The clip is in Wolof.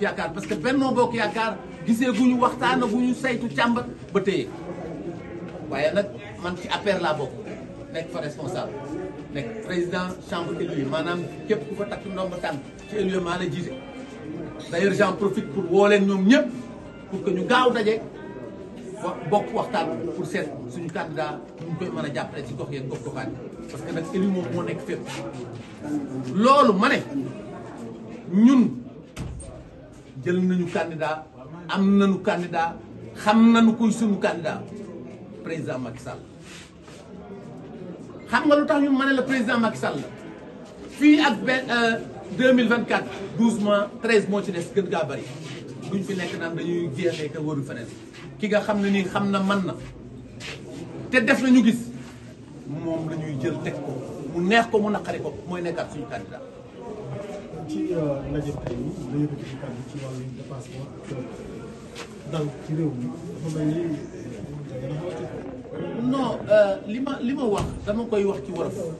Yaakaar parce que benn Benno Bokk Yaakaar gisee gu ñu waxtaan gu ñu saytu càmbat ba téye waaye nag man ci APR laa bokk nekk fa responsable nekk président chambre élu maanaam képp ku fa takk ndomba tànk ci élu maa la jiite. d'ailleurs j'en pour woo leen ñoom ñëpp pour que ñu gaaw daje bokk waxtaan pour seet suñu candidat ñu koy mën a jàppale ci gox yeeg gox goxaan parce que nag élu moom moo nekk fépp loolu ma ne ñun. jël nañu candidat am nañu candidat xam nañu kuy suñu candidat président Macky Sall xam nga lu tax ñu ma ne la président Macky 2024 12 mois 13 mois ci dess gën ga bari duñ fi nek nan dañuy jéxé ka waru feneen ki nga xamna ni xamna man na te def nañu gis mom lañuy jël tek ko mu neex ko mu nakari ko moy nekkat suñu candidat ci euh, ndaje tey la yëkkati ci kàddu ci wàllu dépassement ak euh, dal ci réew mi dafa mel ni non euh, li ma li ma wax dama koy wax ci wolof